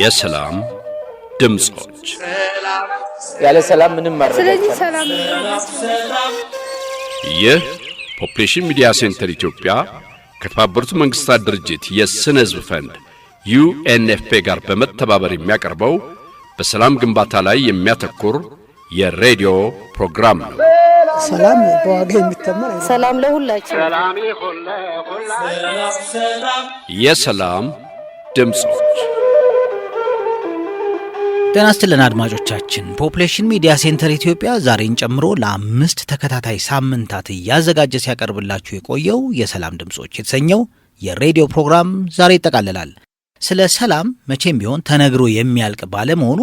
የሰላም ድምፆች ያለ ሰላም ምንም ማድረግ ስለዚህ ሰላም ይህ ፖፕሌሽን ሚዲያ ሴንተር ኢትዮጵያ ከተባበሩት መንግስታት ድርጅት የሥነ ሕዝብ ፈንድ ዩኤንኤፍፔ ጋር በመተባበር የሚያቀርበው በሰላም ግንባታ ላይ የሚያተኩር የሬዲዮ ፕሮግራም ነው። ሰላም በዋጋ የሚተመር ሰላም ለሁላችን የሰላም ድምፆች ጤና አድማጮቻችን። ፖፑሌሽን ሚዲያ ሴንተር ኢትዮጵያ ዛሬን ጨምሮ ለአምስት ተከታታይ ሳምንታት እያዘጋጀ ሲያቀርብላችሁ የቆየው የሰላም ድምፆች የተሰኘው የሬዲዮ ፕሮግራም ዛሬ ይጠቃልላል። ስለ ሰላም መቼም ቢሆን ተነግሮ የሚያልቅ ባለመሆኑ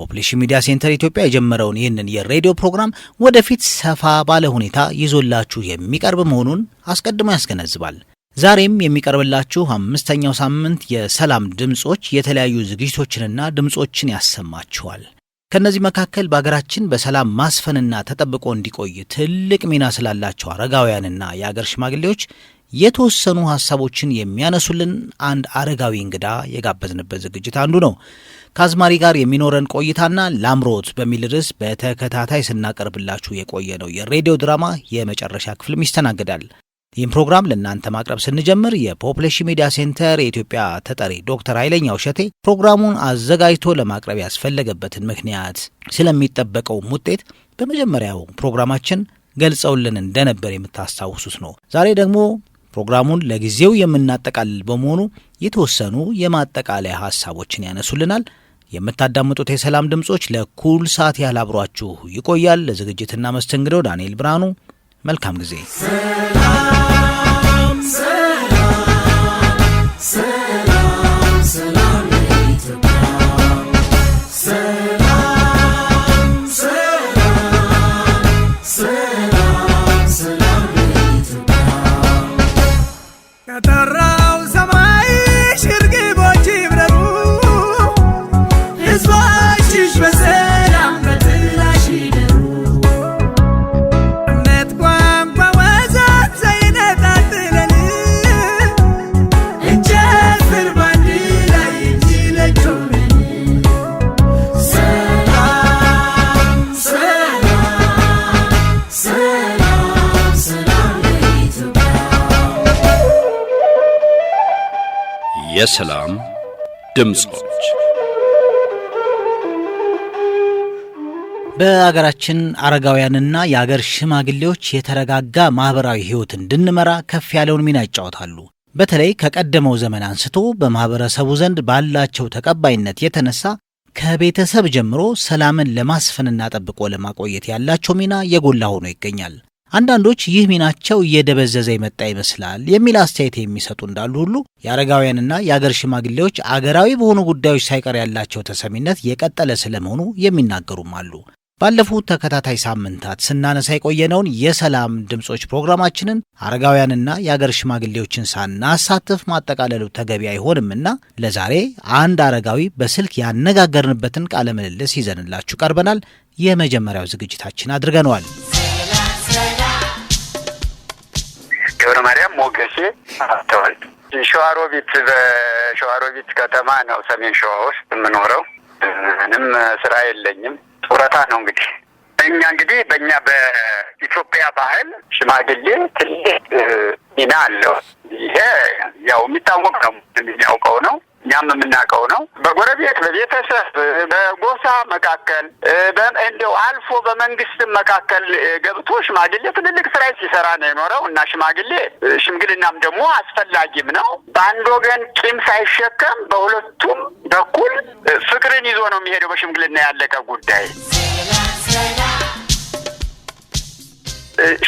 ፖፑሌሽን ሚዲያ ሴንተር ኢትዮጵያ የጀመረውን ይህንን የሬዲዮ ፕሮግራም ወደፊት ሰፋ ባለ ሁኔታ ይዞላችሁ የሚቀርብ መሆኑን አስቀድሞ ያስገነዝባል። ዛሬም የሚቀርብላችሁ አምስተኛው ሳምንት የሰላም ድምፆች የተለያዩ ዝግጅቶችንና ድምፆችን ያሰማችኋል። ከእነዚህ መካከል በሀገራችን በሰላም ማስፈንና ተጠብቆ እንዲቆይ ትልቅ ሚና ስላላቸው አረጋውያንና የአገር ሽማግሌዎች የተወሰኑ ሀሳቦችን የሚያነሱልን አንድ አረጋዊ እንግዳ የጋበዝንበት ዝግጅት አንዱ ነው። ከአዝማሪ ጋር የሚኖረን ቆይታና ላምሮት በሚል ርዕስ በተከታታይ ስናቀርብላችሁ የቆየ ነው የሬዲዮ ድራማ የመጨረሻ ክፍልም ይስተናግዳል። ይህም ፕሮግራም ለእናንተ ማቅረብ ስንጀምር የፖፕሌሽ ሚዲያ ሴንተር የኢትዮጵያ ተጠሪ ዶክተር ኃይለኛው እሸቴ ፕሮግራሙን አዘጋጅቶ ለማቅረብ ያስፈለገበትን ምክንያት፣ ስለሚጠበቀውም ውጤት በመጀመሪያው ፕሮግራማችን ገልጸውልን እንደነበር የምታስታውሱት ነው። ዛሬ ደግሞ ፕሮግራሙን ለጊዜው የምናጠቃልል በመሆኑ የተወሰኑ የማጠቃለያ ሀሳቦችን ያነሱልናል። የምታዳምጡት የሰላም ድምጾች ለኩል ሰዓት ያህል አብሯችሁ ይቆያል። ለዝግጅትና መስተንግደው ዳንኤል ብርሃኑ። መልካም ጊዜ። የሰላም ድምጾች በአገራችን አረጋውያንና የአገር ሽማግሌዎች የተረጋጋ ማኅበራዊ ሕይወት እንድንመራ ከፍ ያለውን ሚና ይጫወታሉ። በተለይ ከቀደመው ዘመን አንስቶ በማኅበረሰቡ ዘንድ ባላቸው ተቀባይነት የተነሳ ከቤተሰብ ጀምሮ ሰላምን ለማስፈንና ጠብቆ ለማቆየት ያላቸው ሚና የጎላ ሆኖ ይገኛል። አንዳንዶች ይህ ሚናቸው እየደበዘዘ የመጣ ይመስላል የሚል አስተያየት የሚሰጡ እንዳሉ ሁሉ የአረጋውያንና የአገር ሽማግሌዎች አገራዊ በሆኑ ጉዳዮች ሳይቀር ያላቸው ተሰሚነት የቀጠለ ስለመሆኑ የሚናገሩም አሉ። ባለፉት ተከታታይ ሳምንታት ስናነሳ የቆየነውን የሰላም ድምፆች ፕሮግራማችንን አረጋውያንና የአገር ሽማግሌዎችን ሳናሳትፍ ማጠቃለሉ ተገቢ አይሆንምና ለዛሬ አንድ አረጋዊ በስልክ ያነጋገርንበትን ቃለ ምልልስ ይዘንላችሁ ቀርበናል። የመጀመሪያው ዝግጅታችን አድርገነዋል። ገብረ ማርያም ሞገሴ አተዋል። ሸዋሮቢት በሸዋሮቢት ከተማ ነው ሰሜን ሸዋ ውስጥ የምኖረው። ምንም ስራ የለኝም። ጡረታ ነው እንግዲህ እኛ እንግዲህ በእኛ በኢትዮጵያ ባህል ሽማግሌ ትልቅ ሚና አለው። ይሄ ያው የሚታወቅ ነው የሚያውቀው ነው እኛም የምናውቀው ነው። በጎረቤት በቤተሰብ በጎሳ መካከል እንደው አልፎ በመንግስትም መካከል ገብቶ ሽማግሌ ትልልቅ ስራ ሲሰራ ነው የኖረው እና ሽማግሌ ሽምግልናም ደግሞ አስፈላጊም ነው። በአንድ ወገን ቂም ሳይሸከም በሁለቱም በኩል ፍቅርን ይዞ ነው የሚሄደው። በሽምግልና ያለቀ ጉዳይ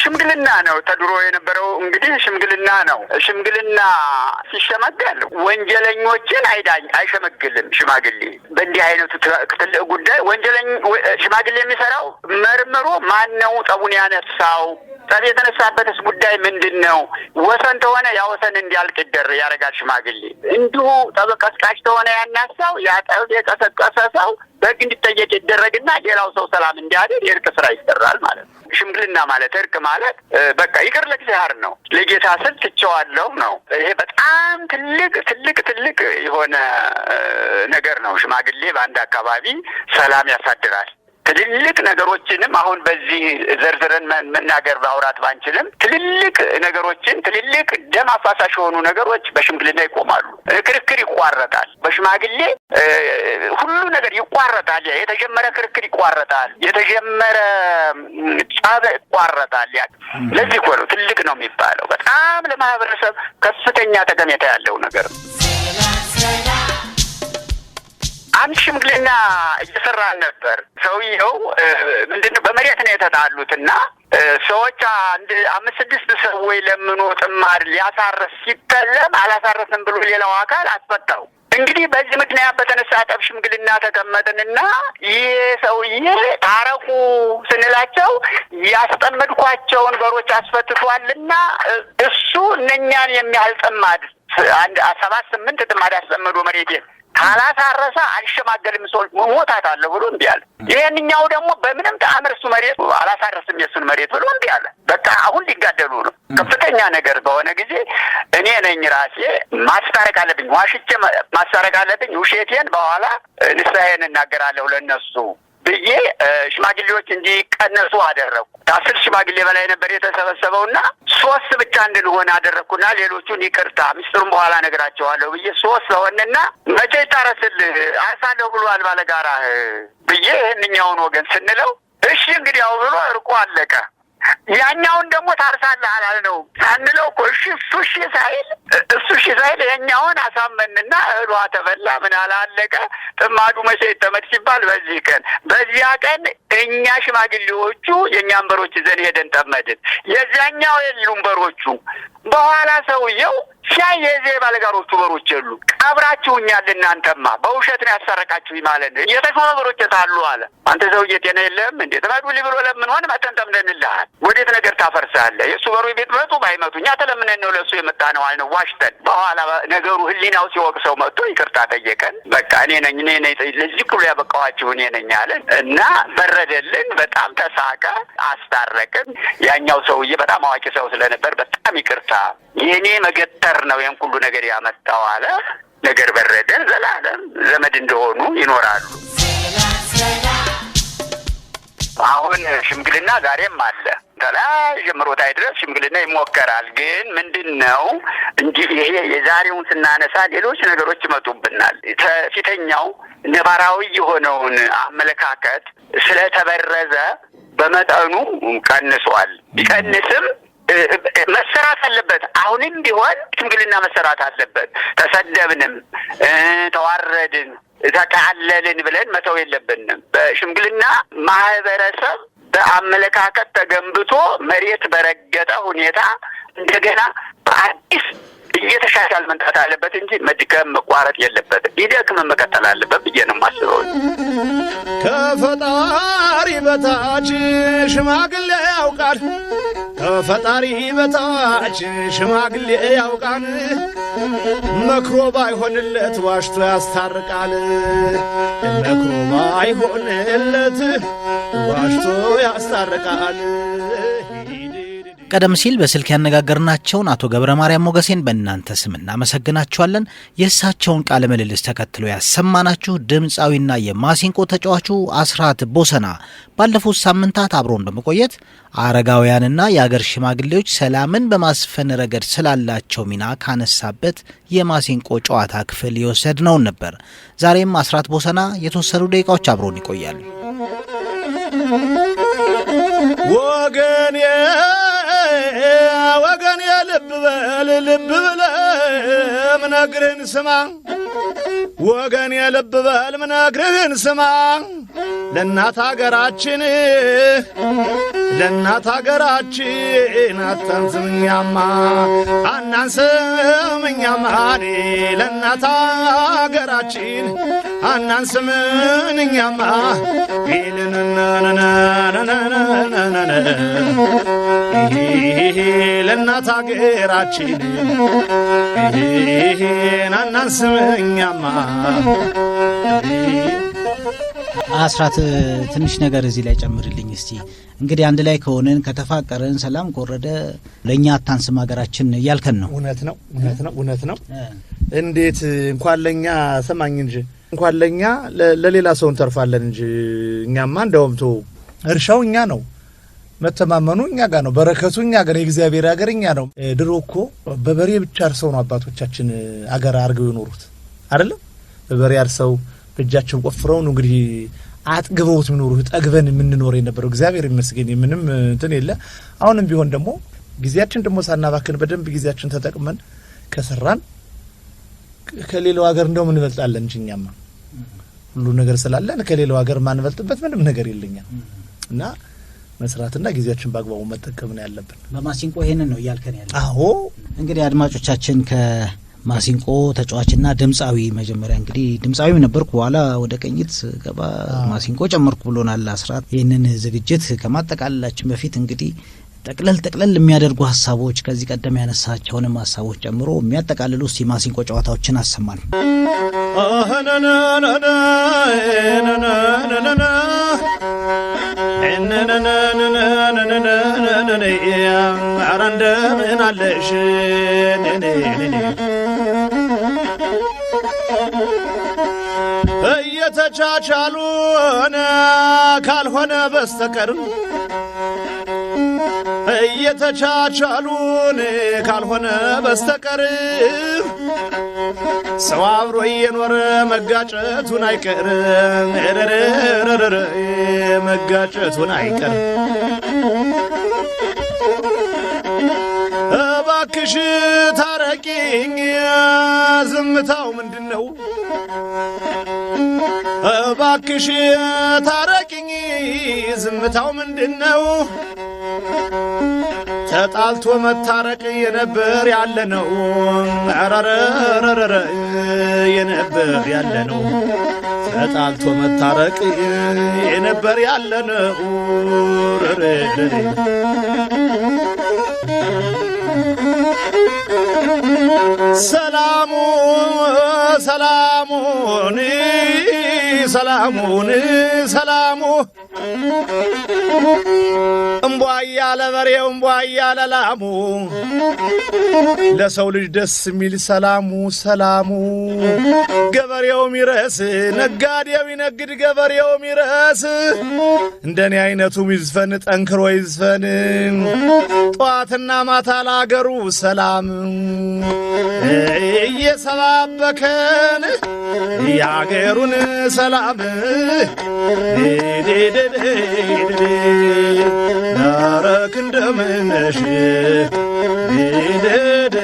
ሽምግልና ነው። ተድሮ የነበረው እንግዲህ ሽምግልና ነው። ሽምግልና ሲሸመገል ወንጀለኞችን አይዳኝ አይሸመግልም። ሽማግሌ በእንዲህ አይነቱ ትልቅ ጉዳይ ወንጀለኝ ሽማግሌ የሚሰራው መርምሮ ማን ነው ጠቡን ያነሳው ጸብ የተነሳበትስ ጉዳይ ምንድን ነው? ወሰን ተሆነ ያ ወሰን እንዲያልቅ ይደር ያደርጋል ሽማግሌ። እንዲሁ ጠብ ቀስቃሽ ተሆነ ያናሳው ያ ጠብ የቀሰቀሰ ሰው በግ እንዲጠየቅ ይደረግና ሌላው ሰው ሰላም እንዲያድር የእርቅ ስራ ይሰራል ማለት ነው። ሽምግልና ማለት እርቅ ማለት በቃ ይቅር ለእግዚአብሔር ነው፣ ለጌታ ስል ትቼዋለሁ ነው። ይሄ በጣም ትልቅ ትልቅ ትልቅ የሆነ ነገር ነው። ሽማግሌ በአንድ አካባቢ ሰላም ያሳድራል። ትልልቅ ነገሮችንም አሁን በዚህ ዘርዝረን መናገር ማውራት ባንችልም ትልልቅ ነገሮችን ትልልቅ ደም አፋሳሽ የሆኑ ነገሮች በሽምግልና ይቆማሉ። ክርክር ይቋረጣል። በሽማግሌ ሁሉ ነገር ይቋረጣል። የተጀመረ ክርክር ይቋረጣል። የተጀመረ ጸብ ይቋረጣል። ያ ለዚህ እኮ ነው ትልቅ ነው የሚባለው። በጣም ለማህበረሰብ ከፍተኛ ጠቀሜታ ያለው ነገር ነው። አንድ ሽምግልና እየሰራን ነበር። ሰውየው ምንድነው በመሬት ነው የተጣሉት እና ሰዎች አንድ አምስት ስድስት ወይ ለምኖ ጥማድ ሊያሳረስ ሲተለም አላሳረስም ብሎ ሌላው አካል አስፈታው። እንግዲህ በዚህ ምክንያት በተነሳ ጠብ ሽምግልና ተቀመጥንና ይህ ሰውዬ ታረቁ ስንላቸው ያስጠመድኳቸውን በሮች አስፈትቷልና እሱ እነኛን የሚያህል ጥማድ አንድ ሰባት ስምንት ጥማድ አስጠምዶ መሬቴን ካላሳረሰ አልሸማገልም ሰዎች መሞታት አለ ብሎ እምቢ አለ። ይህንኛው ደግሞ በምንም ተአምር እሱ መሬት አላሳረስም የሱን መሬት ብሎ እምቢ አለ። በቃ አሁን ሊጋደሉ ነው። ከፍተኛ ነገር በሆነ ጊዜ እኔ ነኝ ራሴ ማስታረቅ አለብኝ፣ ዋሽቼ ማስታረቅ አለብኝ። ውሸቴን በኋላ ንስሐዬን እናገራለሁ ለነሱ ብዬ ሽማግሌዎች እንዲቀነሱ አደረግኩ። ከአስር ሽማግሌ በላይ ነበር የተሰበሰበውና ሶስት ብቻ እንድንሆን አደረግኩና ሌሎቹን ይቅርታ ምስጢሩን በኋላ ነግራቸዋለሁ ብዬ ሶስት ለሆንና መቼ ይታረስልህ አርሳለሁ ብሏል ባለጋራህ ብዬ ይህንኛውን ወገን ስንለው እሺ እንግዲህ ያው ብሎ እርቆ አለቀ። ያኛውን ደግሞ ታርሳለህ ነው ሳንለው እኮ እሺ እሱ እሺ ሳይል እሱ እሺ ሳይል ያኛውን አሳመንና እህሏ ተፈላ ምን አላለቀ ጥማዱ መቼ ይጠመድ ሲባል በዚህ ቀን በዚያ ቀን እኛ ሽማግሌዎቹ የእኛን በሮች ይዘን ሄደን ጠመድን። የዚያኛው የሉም በሮቹ በኋላ ሰውየው ሲያይ የዚህ ባለጋሮቹ በሮች የሉ ቀብራችሁኛል፣ እናንተማ በውሸት ነው ያሳረቃችሁኝ ማለት ነው። የተሾመ በሮች የታሉ አለ። አንተ ሰውዬ ጤና የለም እንዴ? ተባዱ ብሎ ለምን ሆን መጠንጠም ወዴት ነገር ታፈርሳለ? የእሱ በሩ ቤት መጡ ባይመቱ እኛ ተለምነን ነው ለእሱ የመጣ ነው አልነው ዋሽተን። በኋላ ነገሩ ህሊናው ሲወቅ ሰው መጥቶ ይቅርታ ጠየቀን። በቃ እኔ ነኝ እኔ ነኝ ለዚህ ሁሉ ያበቃኋችሁ እኔ ነኝ አለን እና በረደልን። በጣም ተሳቀ፣ አስታረቅን። ያኛው ሰውዬ በጣም አዋቂ ሰው ስለነበር በጣም ይቅርታ መጣ። የእኔ መገጠር ነው ይህን ሁሉ ነገር ያመጣው አለ። ነገር በረደ። ዘላለም ዘመድ እንደሆኑ ይኖራሉ። አሁን ሽምግልና ዛሬም አለ። ተላይ ጀምሮ ታይ ድረስ ሽምግልና ይሞከራል። ግን ምንድን ነው እንዲህ ይሄ የዛሬውን ስናነሳ ሌሎች ነገሮች ይመጡብናል። ፊተኛው ነባራዊ የሆነውን አመለካከት ስለተበረዘ በመጠኑ ቀንሷል። ቢቀንስም መሰራት አለበት። አሁንም ቢሆን ሽምግልና መሰራት አለበት። ተሰደብንም፣ ተዋረድን፣ ተቃለልን ብለን መተው የለብንም። በሽምግልና ማህበረሰብ በአመለካከት ተገንብቶ መሬት በረገጠ ሁኔታ እንደገና በአዲስ እየተሻሻል መምጣት አለበት እንጂ መድከም መቋረጥ የለበትም። ቢደክም መቀጠል አለበት ብዬ ነው ማስበው ከፈጣሪ በታች ሽማግሌ ያውቃል፣ ከፈጣሪ በታች ሽማግሌ ያውቃል። መክሮ ባይሆንለት ዋሽቶ ያስታርቃል። መክሮ ባይሆንለት ዋሽቶ ያስታርቃል። ቀደም ሲል በስልክ ያነጋገርናቸውን አቶ ገብረ ማርያም ሞገሴን በእናንተ ስም እናመሰግናችኋለን። የእሳቸውን ቃለ ምልልስ ተከትሎ ያሰማናችሁ ድምፃዊና የማሲንቆ ተጫዋቹ አስራት ቦሰና ባለፉት ሳምንታት አብሮን በመቆየት አረጋውያንና የአገር ሽማግሌዎች ሰላምን በማስፈን ረገድ ስላላቸው ሚና ካነሳበት የማሲንቆ ጨዋታ ክፍል የወሰድነውን ነበር። ዛሬም አስራት ቦሰና የተወሰኑ ደቂቃዎች አብሮን ይቆያሉ። ወገን ወገን የልብ በል ልብ ብለ ምነግርህን ስማ ወገን የልብ በል ምነግርህን ስማ ለእናት አገራችን ለእናት አገራችን አታንስም እኛማ አናንስም እኛማ ለእናት አገራችን አናንስም እኛማ ለእናት አገራችን አናንስም እኛማ አስራት ትንሽ ነገር እዚህ ላይ ጨምርልኝ እስቲ። እንግዲህ አንድ ላይ ከሆነን ከተፋቀረን፣ ሰላም ከወረደ ለእኛ አታንስም ሀገራችን እያልከን ነው። እውነት ነው፣ እውነት ነው፣ እውነት ነው። እንዴት እንኳን ለእኛ ሰማኝ እንጂ እንኳን ለእኛ ለሌላ ሰው እንተርፋለን እንጂ እኛማ እንደውም ቶ እርሻው እኛ ነው፣ መተማመኑ እኛ ጋር ነው፣ በረከቱ እኛ ጋር፣ የእግዚአብሔር ሀገር እኛ ነው። ድሮ እኮ በበሬ ብቻ አርሰው ነው አባቶቻችን አገር አድርገው የኖሩት አይደለም። በበሬ አርሰው እጃቸውን ቆፍረው ነው እንግዲህ አጥግበውት ምኖሩ ጠግበን የምንኖር የነበረው እግዚአብሔር ይመስገን የምንም እንትን የለ። አሁንም ቢሆን ደግሞ ጊዜያችን ደግሞ ሳናባክን በደንብ ጊዜያችን ተጠቅመን ከሰራን ከሌላው ሀገር እንደውም እንበልጣለን እንጂ እኛማ ሁሉ ነገር ስላለን ከሌላው ሀገር ማንበልጥበት ምንም ነገር የለኛል እና መስራትና ጊዜያችን በአግባቡ መጠቀም ነው ያለብን። በማሲንቆ ይሄንን ነው እያልከን ያለ። አዎ እንግዲህ አድማጮቻችን ከ ማሲንቆ ተጫዋችና ድምፃዊ መጀመሪያ እንግዲህ ድምፃዊ ነበርኩ። በኋላ ወደ ቀኝት ገባ ማሲንቆ ጨመርኩ ብሎናል አስራት። ይህንን ዝግጅት ከማጠቃለላችን በፊት እንግዲህ ጠቅለል ጠቅለል የሚያደርጉ ሀሳቦች ከዚህ ቀደም ያነሳቸውንም ሀሳቦች ጨምሮ የሚያጠቃልሉ ስ ማሲንቆ ጨዋታዎችን አሰማል። አረ አለሽ እየተቻቻሉን ካልሆነ በስተቀር እየተቻቻሉን ካልሆነ በስተቀር ሰው አብሮ እየኖረ መጋጨቱን አይቀርም መጋጨቱን አይቀርም እባክሽ ታረቂኝ። ዝምታው ምንድን ነው? እባክሽ ታረቂኝ። ዝምታው ምንድን ነው? ተጣልቶ መታረቅ የነበር ያለ ነው። ረረረረረ የነበር ያለ ነው። ተጣልቶ መታረቅ የነበር ያለ ነው። ሰላሙ ሰላሙን ሰላሙን ሰላሙ እምቧያ ለበሬው እምቧያ ለላሙ ለሰው ልጅ ደስ የሚል ሰላሙ ሰላሙ ገበሬው ሚረስ ነጋዴው ይነግድ ገበሬው ሚረስ እንደኔ አይነቱ ይዝፈን ጠንክሮ ይዝፈን ጠዋትና ማታ ላገሩ ሰላም እየሰባበከን ያገሩን ሰላም ቢልድ ናረክ እንደምነሽ ቢልድ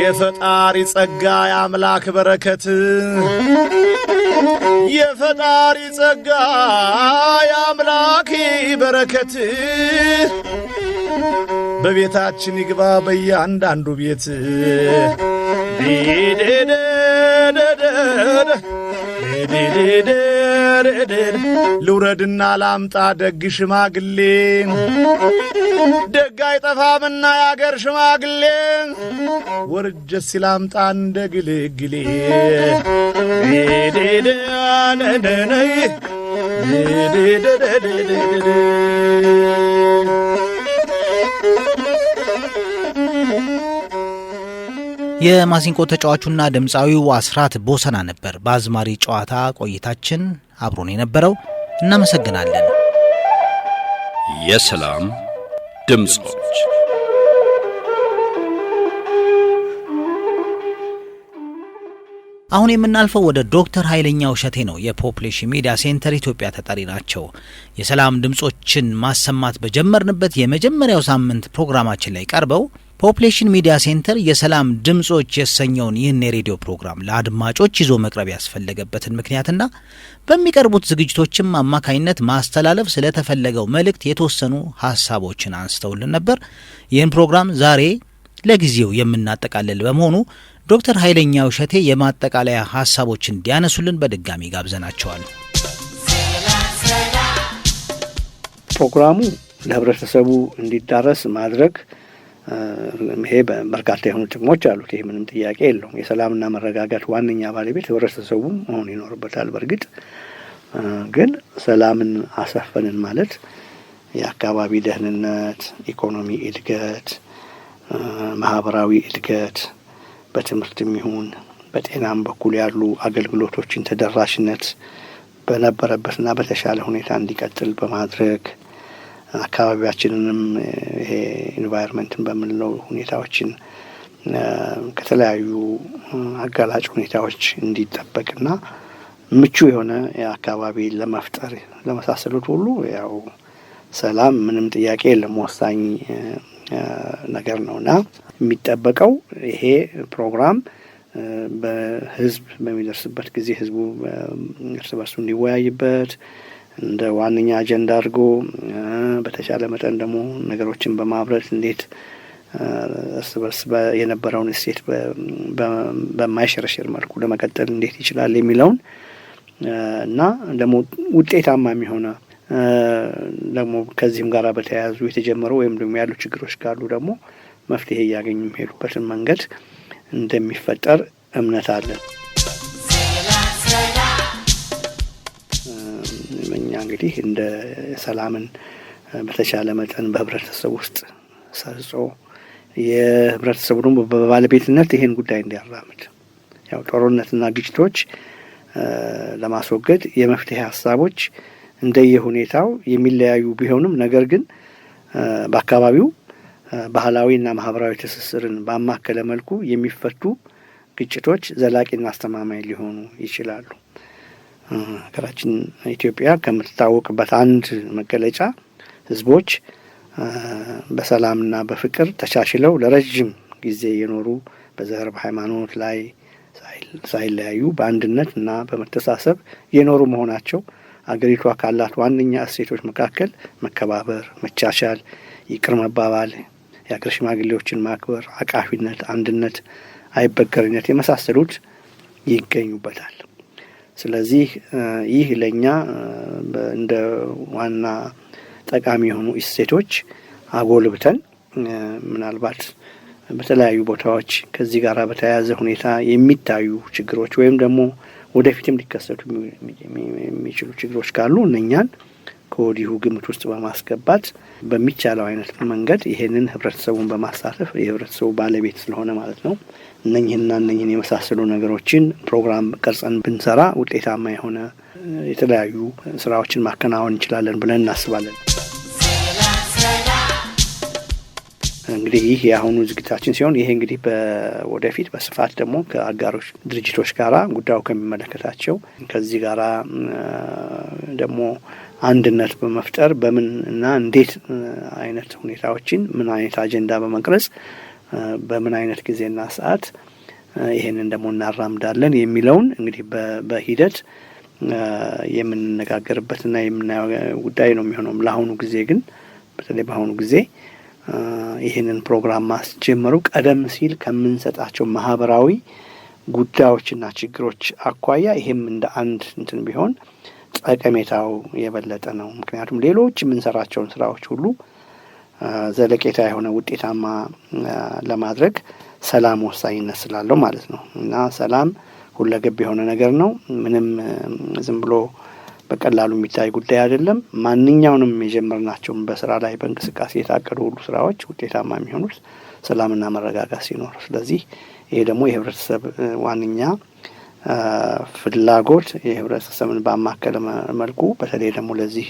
የፈጣሪ ጸጋ የአምላክ በረከት የፈጣሪ ጸጋ የአምላክ በረከት በቤታችን ይግባ በእያንዳንዱ ቤት ልውረድና ላምጣ ደግ ሽማግሌ ደግ አይጠፋምና የአገር ሽማግሌ ወርጀ ሲላምጣ እንደ ግልግሌ የማሲንቆ ተጫዋቹና ድምፃዊው አስራት ቦሰና ነበር በአዝማሪ ጨዋታ ቆይታችን አብሮን የነበረው። እናመሰግናለን። የሰላም ድምፆች አሁን የምናልፈው ወደ ዶክተር ኃይለኛው እሸቴ ነው። የፖፕሌሽን ሚዲያ ሴንተር ኢትዮጵያ ተጠሪ ናቸው። የሰላም ድምፆችን ማሰማት በጀመርንበት የመጀመሪያው ሳምንት ፕሮግራማችን ላይ ቀርበው ፖፕሌሽን ሚዲያ ሴንተር የሰላም ድምጾች የሰኘውን ይህን የሬዲዮ ፕሮግራም ለአድማጮች ይዞ መቅረብ ያስፈለገበትን ምክንያትና በሚቀርቡት ዝግጅቶችም አማካኝነት ማስተላለፍ ስለተፈለገው መልእክት የተወሰኑ ሀሳቦችን አንስተውልን ነበር። ይህን ፕሮግራም ዛሬ ለጊዜው የምናጠቃልል በመሆኑ ዶክተር ኃይለኛ እሸቴ የማጠቃለያ ሀሳቦች እንዲያነሱልን በድጋሚ ጋብዘናቸዋል። ፕሮግራሙ ለህብረተሰቡ እንዲዳረስ ማድረግ ይሄ በርካታ የሆኑ ጥቅሞች አሉት። ይህ ምንም ጥያቄ የለውም። የሰላምና መረጋጋት ዋነኛ ባለቤት ህብረተሰቡ መሆን ይኖርበታል። በእርግጥ ግን ሰላምን አሰፈንን ማለት የአካባቢ ደህንነት፣ ኢኮኖሚ እድገት፣ ማህበራዊ እድገት በትምህርትም ይሁን በጤናም በኩል ያሉ አገልግሎቶችን ተደራሽነት በነበረበትና በተሻለ ሁኔታ እንዲቀጥል በማድረግ አካባቢያችንንም ይሄ ኢንቫይሮንመንትን በምንለው ሁኔታዎችን ከተለያዩ አጋላጭ ሁኔታዎች እንዲጠበቅና ምቹ የሆነ አካባቢ ለመፍጠር ለመሳሰሉት ሁሉ ያው ሰላም ምንም ጥያቄ የለም ወሳኝ ነገር ነውና የሚጠበቀው ይሄ ፕሮግራም በህዝብ በሚደርስበት ጊዜ ህዝቡ እርስ በርሱ እንዲወያይበት እንደ ዋነኛ አጀንዳ አድርጎ በተቻለ መጠን ደግሞ ነገሮችን በማብረት እንዴት እርስ በርስ የነበረውን እሴት በማይሸረሽር መልኩ ለመቀጠል እንዴት ይችላል የሚለውን እና ደግሞ ውጤታማ የሚሆነ ደግሞ ከዚህም ጋር በተያያዙ የተጀመሩ ወይም ደግሞ ያሉ ችግሮች ካሉ ደግሞ መፍትሄ እያገኙ የሚሄዱበትን መንገድ እንደሚፈጠር እምነት አለን። እኛ እንግዲህ እንደ ሰላምን በተቻለ መጠን በህብረተሰብ ውስጥ ሰርጾ የህብረተሰቡ ደግሞ በባለቤትነት ይሄን ጉዳይ እንዲያራምድ ያው ጦርነትና ግጭቶች ለማስወገድ የመፍትሄ ሀሳቦች እንደየ ሁኔታው የሚለያዩ ቢሆንም ነገር ግን በአካባቢው ባህላዊና ማህበራዊ ትስስርን ባማከለ መልኩ የሚፈቱ ግጭቶች ዘላቂና አስተማማኝ ሊሆኑ ይችላሉ። ሀገራችን ኢትዮጵያ ከምትታወቅበት አንድ መገለጫ ህዝቦች በሰላምና በፍቅር ተቻችለው ለረዥም ጊዜ የኖሩ በዘር በሃይማኖት ላይ ሳይለያዩ በአንድነት እና በመተሳሰብ የኖሩ መሆናቸው አገሪቷ ካላት ዋነኛ እሴቶች መካከል መከባበር፣ መቻቻል፣ ይቅር መባባል፣ የአገር ሽማግሌዎችን ማክበር፣ አቃፊነት፣ አንድነት፣ አይበገርነት የመሳሰሉት ይገኙበታል። ስለዚህ ይህ ለእኛ እንደ ዋና ጠቃሚ የሆኑ እሴቶች አጎልብተን ምናልባት በተለያዩ ቦታዎች ከዚህ ጋር በተያያዘ ሁኔታ የሚታዩ ችግሮች ወይም ደግሞ ወደፊትም ሊከሰቱ የሚችሉ ችግሮች ካሉ እነኛን ከወዲሁ ግምት ውስጥ በማስገባት በሚቻለው አይነት መንገድ ይሄንን ህብረተሰቡን በማሳተፍ የህብረተሰቡ ባለቤት ስለሆነ ማለት ነው እነኝህና እነኝህን የመሳሰሉ ነገሮችን ፕሮግራም ቀርጸን ብንሰራ ውጤታማ የሆነ የተለያዩ ስራዎችን ማከናወን እንችላለን ብለን እናስባለን። እንግዲህ ይህ የአሁኑ ዝግጅታችን ሲሆን ይሄ እንግዲህ ወደፊት በስፋት ደግሞ ከአጋሮች ድርጅቶች ጋራ ጉዳዩ ከሚመለከታቸው ከዚህ ጋራ ደግሞ አንድነት በመፍጠር በምን እና እንዴት አይነት ሁኔታዎችን ምን አይነት አጀንዳ በመቅረጽ በምን አይነት ጊዜና ሰዓት ይሄንን ደግሞ እናራምዳለን የሚለውን እንግዲህ በሂደት የምንነጋገርበትና የምናየው ጉዳይ ነው የሚሆነው። ለአሁኑ ጊዜ ግን በተለይ በአሁኑ ጊዜ ይህንን ፕሮግራም ማስጀመሩ ቀደም ሲል ከምንሰጣቸው ማህበራዊ ጉዳዮችና ችግሮች አኳያ ይሄም እንደ አንድ እንትን ቢሆን ጠቀሜታው የበለጠ ነው። ምክንያቱም ሌሎች የምንሰራቸውን ስራዎች ሁሉ ዘለቄታ የሆነ ውጤታማ ለማድረግ ሰላም ወሳኝነት ስላለው ማለት ነው እና ሰላም ሁለገብ የሆነ ነገር ነው። ምንም ዝም ብሎ በቀላሉ የሚታይ ጉዳይ አይደለም። ማንኛውንም የጀመርናቸውን በስራ ላይ በእንቅስቃሴ የታቀዱ ሁሉ ስራዎች ውጤታማ የሚሆኑት ሰላምና መረጋጋት ሲኖር፣ ስለዚህ ይሄ ደግሞ የህብረተሰብ ዋነኛ ፍላጎት የህብረተሰብን ባማከለ መልኩ በተለይ ደግሞ ለዚህ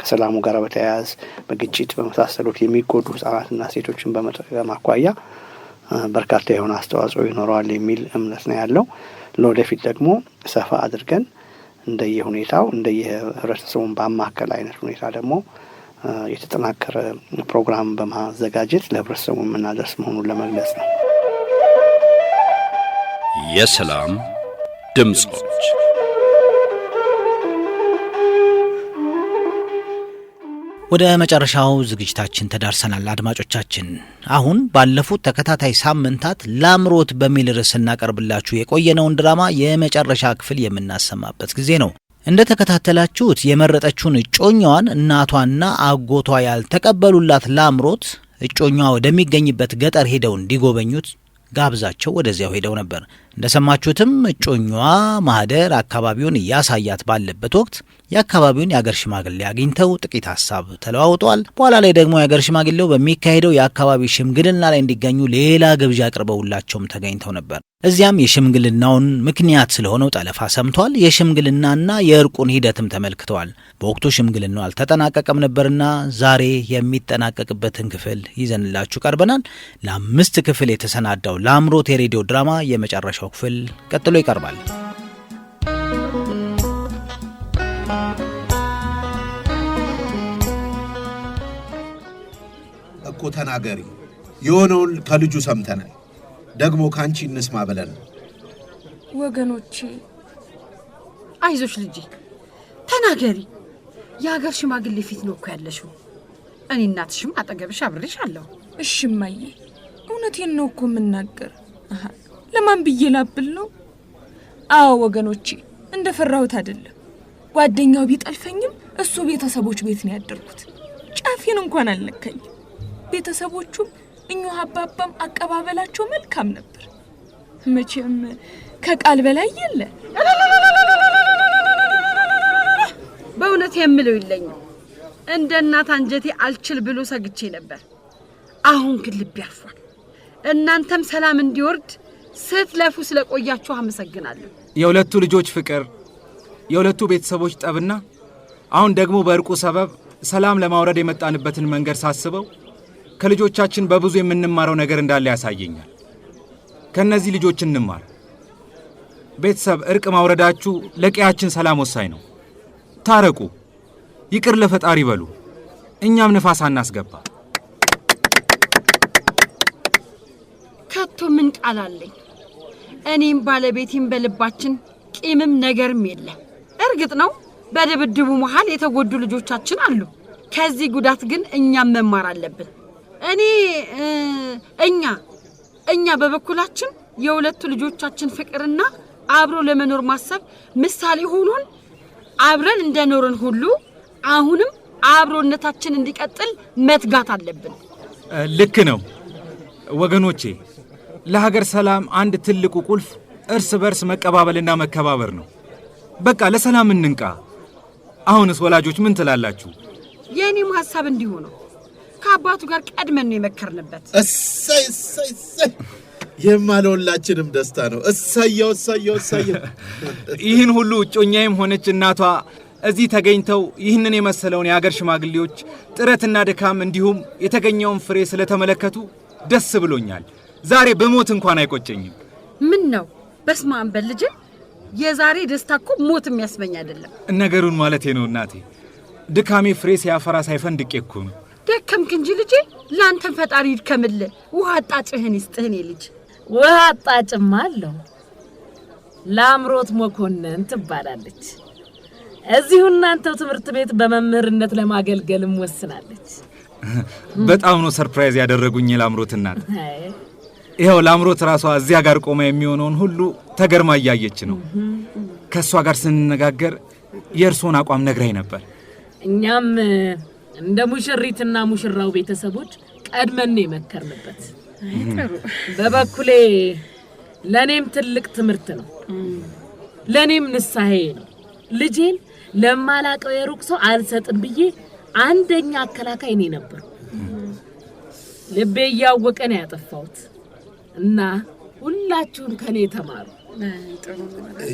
ከሰላሙ ጋር በተያያዝ በግጭት በመሳሰሉት የሚጎዱ ህጻናትና ሴቶችን በመጠቀም አኳያ በርካታ የሆነ አስተዋጽኦ ይኖረዋል የሚል እምነት ነው ያለው። ለወደፊት ደግሞ ሰፋ አድርገን እንደየ ሁኔታው እንደየ ህብረተሰቡን ባማከል አይነት ሁኔታ ደግሞ የተጠናከረ ፕሮግራም በማዘጋጀት ለህብረተሰቡ የምናደርስ መሆኑን ለመግለጽ ነው። የሰላም ድምፆች ወደ መጨረሻው ዝግጅታችን ተዳርሰናል። አድማጮቻችን፣ አሁን ባለፉት ተከታታይ ሳምንታት ላምሮት በሚል ርዕስ እናቀርብላችሁ የቆየነውን ድራማ የመጨረሻ ክፍል የምናሰማበት ጊዜ ነው። እንደ ተከታተላችሁት የመረጠችውን እጮኛዋን እናቷና አጎቷ ያልተቀበሉላት ላምሮት እጮኛዋ ወደሚገኝበት ገጠር ሄደው እንዲጎበኙት ጋብዛቸው ወደዚያው ሄደው ነበር። እንደሰማችሁትም እጮኛዋ ማህደር አካባቢውን እያሳያት ባለበት ወቅት የአካባቢውን የአገር ሽማግሌ አግኝተው ጥቂት ሀሳብ ተለዋውጠዋል። በኋላ ላይ ደግሞ የአገር ሽማግሌው በሚካሄደው የአካባቢ ሽምግልና ላይ እንዲገኙ ሌላ ግብዣ አቅርበውላቸውም ተገኝተው ነበር። እዚያም የሽምግልናውን ምክንያት ስለሆነው ጠለፋ ሰምቷል። የሽምግልናና የእርቁን ሂደትም ተመልክተዋል። በወቅቱ ሽምግልናው አልተጠናቀቀም ነበርና ዛሬ የሚጠናቀቅበትን ክፍል ይዘንላችሁ ቀርበናል። ለአምስት ክፍል የተሰናዳው ለአምሮት የሬዲዮ ድራማ የመጨረሻው ያዘጋጀው ክፍል ቀጥሎ ይቀርባል። እኮ ተናገሪ። የሆነውን ከልጁ ሰምተናል። ደግሞ ከአንቺ እንስማ ብለን ወገኖቼ፣ አይዞሽ ልጄ፣ ተናገሪ። የሀገር ሽማግሌ ፊት ነው እኮ ያለሽው። እኔ እናትሽም አጠገብሽ አብሬሽ አለሁ። እሽማዬ፣ እውነቴን ነው እኮ የምናገር ለማን ብዬ ላብል ነው? አዎ ወገኖቼ፣ እንደ ፈራሁት አይደለም። ጓደኛው ቢጠልፈኝም እሱ ቤተሰቦች ቤት ነው ያደርኩት። ጫፌን እንኳን አልነካኝ። ቤተሰቦቹም እኚሁ አባባም አቀባበላቸው መልካም ነበር። መቼም ከቃል በላይ የለ። በእውነት የምለው የለኝም። እንደ እናት አንጀቴ አልችል ብሎ ሰግቼ ነበር። አሁን ግን ልብ ያርፏል። እናንተም ሰላም እንዲወርድ ስትለፉ ስለቆያችሁ አመሰግናለሁ። የሁለቱ ልጆች ፍቅር፣ የሁለቱ ቤተሰቦች ጠብና አሁን ደግሞ በእርቁ ሰበብ ሰላም ለማውረድ የመጣንበትን መንገድ ሳስበው ከልጆቻችን በብዙ የምንማረው ነገር እንዳለ ያሳየኛል። ከእነዚህ ልጆች እንማር። ቤተሰብ እርቅ ማውረዳችሁ ለቀያችን ሰላም ወሳኝ ነው። ታረቁ፣ ይቅር ለፈጣሪ በሉ። እኛም ንፋስ አናስገባ። ከቶ ምን ቃል አለኝ? እኔም ባለቤቴም በልባችን ቂምም ነገርም የለም። እርግጥ ነው በድብድቡ መሃል የተጎዱ ልጆቻችን አሉ። ከዚህ ጉዳት ግን እኛም መማር አለብን። እኔ እኛ እኛ በበኩላችን የሁለቱ ልጆቻችን ፍቅርና አብሮ ለመኖር ማሰብ ምሳሌ ሆኖን አብረን እንደኖርን ሁሉ አሁንም አብሮነታችን እንዲቀጥል መትጋት አለብን። ልክ ነው ወገኖቼ። ለሀገር ሰላም አንድ ትልቁ ቁልፍ እርስ በርስ መቀባበልና መከባበር ነው። በቃ ለሰላም እንንቃ። አሁንስ ወላጆች ምን ትላላችሁ? የእኔም ሀሳብ እንዲሁ ነው። ከአባቱ ጋር ቀድመን ነው የመከርንበት። እሰይ እሰይ እሰይ! ይህማ ደስታ ነው። እሰየው እሰየው እሰየው! ይህን ሁሉ እጮኛዬም ሆነች እናቷ እዚህ ተገኝተው ይህንን የመሰለውን የአገር ሽማግሌዎች ጥረትና ድካም እንዲሁም የተገኘውን ፍሬ ስለተመለከቱ ደስ ብሎኛል። ዛሬ በሞት እንኳን አይቆጨኝም። ምን ነው በስመ አብ ልጄ፣ የዛሬ ደስታ እኮ ሞት የሚያስመኝ አይደለም። ነገሩን ማለቴ ነው እናቴ፣ ድካሜ ፍሬ ሲያፈራ ሳይፈን ድቄ እኮ ነው። ደከምክ እንጂ ልጄ፣ ለአንተን ፈጣሪ ይድከምልህ። ውሃ አጣጭህን ይስጥህን። ልጅ። ውሃ አጣጭም አለው። ለአምሮት መኮንን ትባላለች። እዚሁ እናንተው ትምህርት ቤት በመምህርነት ለማገልገልም ወስናለች። በጣም ነው ሰርፕራይዝ ያደረጉኝ የላምሮት እናት። ይኸው ለአምሮት ራሷ እዚያ ጋር ቆማ የሚሆነውን ሁሉ ተገርማ እያየች ነው። ከእሷ ጋር ስንነጋገር የእርስዎን አቋም ነግራኝ ነበር። እኛም እንደ ሙሽሪትና ሙሽራው ቤተሰቦች ቀድመን የመከርንበት በበኩሌ ለእኔም ትልቅ ትምህርት ነው። ለእኔም ንስሐዬ ነው። ልጄን ለማላቀው የሩቅ ሰው አልሰጥም ብዬ አንደኛ አከላካይ እኔ ነበር። ልቤ እያወቀ ነው ያጠፋሁት። እና ሁላችሁን ከኔ ተማሩ።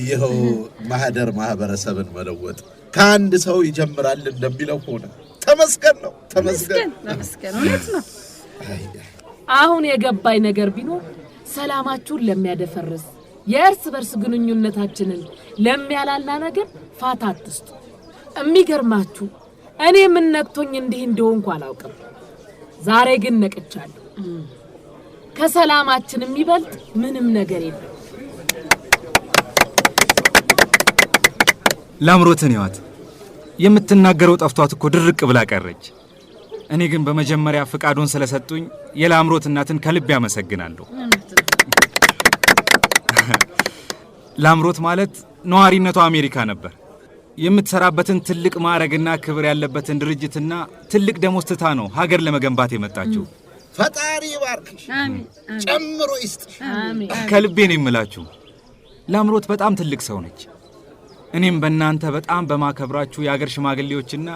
ይኸው ማህደር ማህበረሰብን መለወጥ ከአንድ ሰው ይጀምራል እንደሚለው ሆነ። ተመስገን ነው፣ ተመስገን ተመስገን። እውነት ነው። አሁን የገባኝ ነገር ቢኖር ሰላማችሁን ለሚያደፈርስ የእርስ በርስ ግንኙነታችንን ለሚያላላ ነገር ፋታ አትስጡ። የሚገርማችሁ እኔ ምን ነክቶኝ እንዲህ እንደሆንኩ አላውቅም። ዛሬ ግን ነቅቻለሁ። ከሰላማችን የሚበልጥ ምንም ነገር የለም። ላምሮትን ይዋት የምትናገረው ጠፍቷት እኮ ድርቅ ብላ ቀረች። እኔ ግን በመጀመሪያ ፍቃዱን ስለሰጡኝ የላምሮት እናትን ከልብ ያመሰግናለሁ። ላምሮት ማለት ነዋሪነቷ አሜሪካ ነበር። የምትሰራበትን ትልቅ ማዕረግና ክብር ያለበትን ድርጅትና ትልቅ ደሞዝ ትታ ነው ሀገር ለመገንባት የመጣችው። ፈጣሪ ይባርክሽ፣ ጨምሮ ይስጥሽ። ከልቤ ነው የምላችሁ፣ ላምሮት በጣም ትልቅ ሰው ነች። እኔም በእናንተ በጣም በማከብራችሁ የአገር ሽማግሌዎችና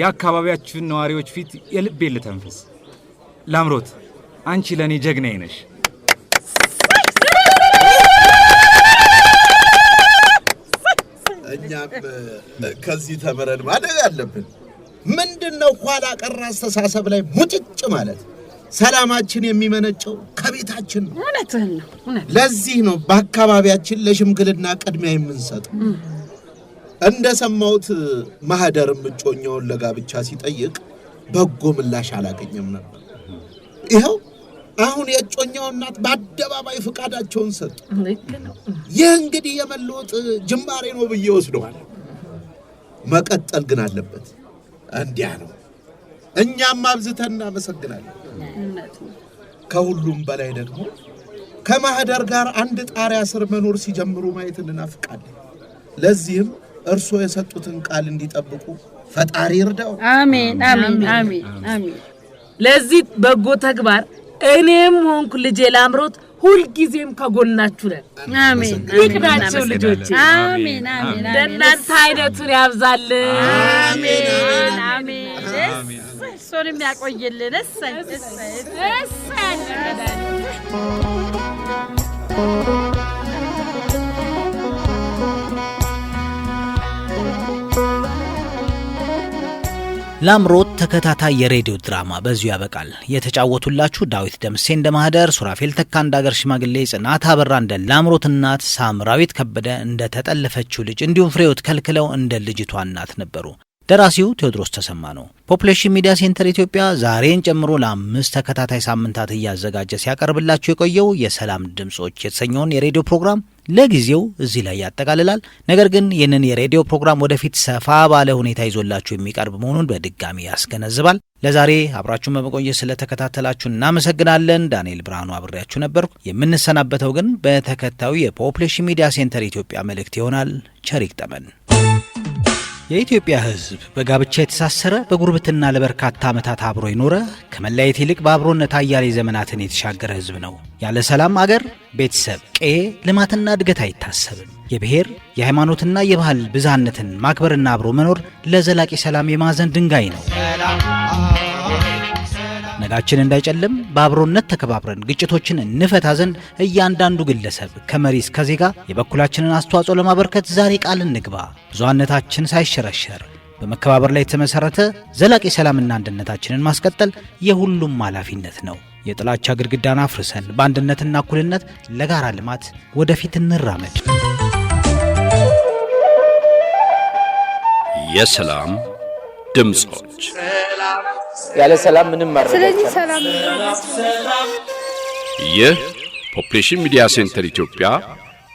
የአካባቢያችን ነዋሪዎች ፊት የልቤ ልተንፍስ። ላምሮት አንቺ ለእኔ ጀግናዬ ነሽ። እኛም ከዚህ ተምረን ማደግ አለብን። ምንድን ነው ኋላ ቀር አስተሳሰብ ላይ ሙጭጭ ማለት ሰላማችን የሚመነጨው ከቤታችን ነው። እውነትህን ነው። ለዚህ ነው በአካባቢያችን ለሽምግልና ቅድሚያ የምንሰጠው። እንደሰማሁት ማህደርም እጮኛውን ለጋብቻ ሲጠይቅ በጎ ምላሽ አላገኘም ነበር። ይኸው አሁን የእጮኛው እናት በአደባባይ ፈቃዳቸውን ሰጡ። ይህ እንግዲህ የመለወጥ ጅማሬ ነው ብዬ ወስደዋል። መቀጠል ግን አለበት። እንዲያ ነው። እኛም አብዝተን እናመሰግናለን። ከሁሉም በላይ ደግሞ ከማህደር ጋር አንድ ጣሪያ ስር መኖር ሲጀምሩ ማየት እንናፍቃለን። ለዚህም እርስዎ የሰጡትን ቃል እንዲጠብቁ ፈጣሪ ይርዳው። አሜን፣ አሜን፣ አሜን፣ አሜን። ለዚህ በጎ ተግባር እኔም ሆንኩ ልጄ ላምሮት ሁልጊዜም ከጎናችሁ ነን። አሜን። ይቅናቸው ልጆች። አሜን፣ አሜን። ለእናንተ አይነቱን ያብዛልን። አሜን፣ አሜን። እሱንም ያቆይልን። እሰይ እሰይ ላምሮት ተከታታይ የሬዲዮ ድራማ በዚሁ ያበቃል። የተጫወቱላችሁ ዳዊት ደምሴ እንደ ማህደር፣ ሱራፌል ተካ እንደ አገር ሽማግሌ፣ ጽናት አበራ እንደ ላምሮት እናት፣ ሳምራዊት ከበደ እንደ ተጠለፈችው ልጅ እንዲሁም ፍሬዎት ከልክለው እንደ ልጅቷ እናት ነበሩ። ደራሲው ቴዎድሮስ ተሰማ ነው። ፖፑሌሽን ሚዲያ ሴንተር ኢትዮጵያ ዛሬን ጨምሮ ለአምስት ተከታታይ ሳምንታት እያዘጋጀ ሲያቀርብላችሁ የቆየው የሰላም ድምፆች የተሰኘውን የሬዲዮ ፕሮግራም ለጊዜው እዚህ ላይ ያጠቃልላል። ነገር ግን ይህንን የሬዲዮ ፕሮግራም ወደፊት ሰፋ ባለ ሁኔታ ይዞላችሁ የሚቀርብ መሆኑን በድጋሚ ያስገነዝባል። ለዛሬ አብራችሁን በመቆየት ስለተከታተላችሁ እናመሰግናለን። ዳንኤል ብርሃኑ አብሬያችሁ ነበርኩ። የምንሰናበተው ግን በተከታዩ የፖፑሌሽን ሚዲያ ሴንተር ኢትዮጵያ መልእክት ይሆናል። ቸር ይግጠመን። የኢትዮጵያ ሕዝብ በጋብቻ የተሳሰረ በጉርብትና ለበርካታ ዓመታት አብሮ የኖረ ከመለያየት ይልቅ በአብሮነት አያሌ ዘመናትን የተሻገረ ሕዝብ ነው። ያለ ሰላም አገር፣ ቤተሰብ፣ ቀዬ፣ ልማትና እድገት አይታሰብም። የብሔር የሃይማኖትና የባህል ብዝሃነትን ማክበርና አብሮ መኖር ለዘላቂ ሰላም የማዕዘን ድንጋይ ነው። መላችን እንዳይጨልም በአብሮነት ተከባብረን ግጭቶችን እንፈታ ዘንድ እያንዳንዱ ግለሰብ ከመሪ እስከ ዜጋ የበኩላችንን አስተዋጽኦ ለማበርከት ዛሬ ቃል እንግባ። ብዙሃነታችን ሳይሸረሸር በመከባበር ላይ የተመሠረተ ዘላቂ ሰላምና አንድነታችንን ማስቀጠል የሁሉም ኃላፊነት ነው። የጥላቻ ግድግዳን አፍርሰን በአንድነትና እኩልነት ለጋራ ልማት ወደፊት እንራመድ። የሰላም ድምፆች ያለ ሰላም ምንም ማድረግ። ስለዚህ ሰላም ይህ ፖፕሌሽን ሚዲያ ሴንተር ኢትዮጵያ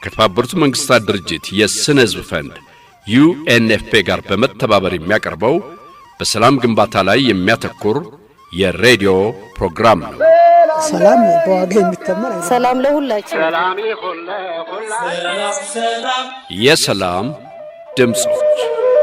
ከተባበሩት መንግስታት ድርጅት የስነ ህዝብ ፈንድ ዩኤንኤፍፔ ጋር በመተባበር የሚያቀርበው በሰላም ግንባታ ላይ የሚያተኩር የሬዲዮ ፕሮግራም ነው። ሰላም በዋጋ የሚተመር ሰላም ለሁላችን የሰላም ድምፆች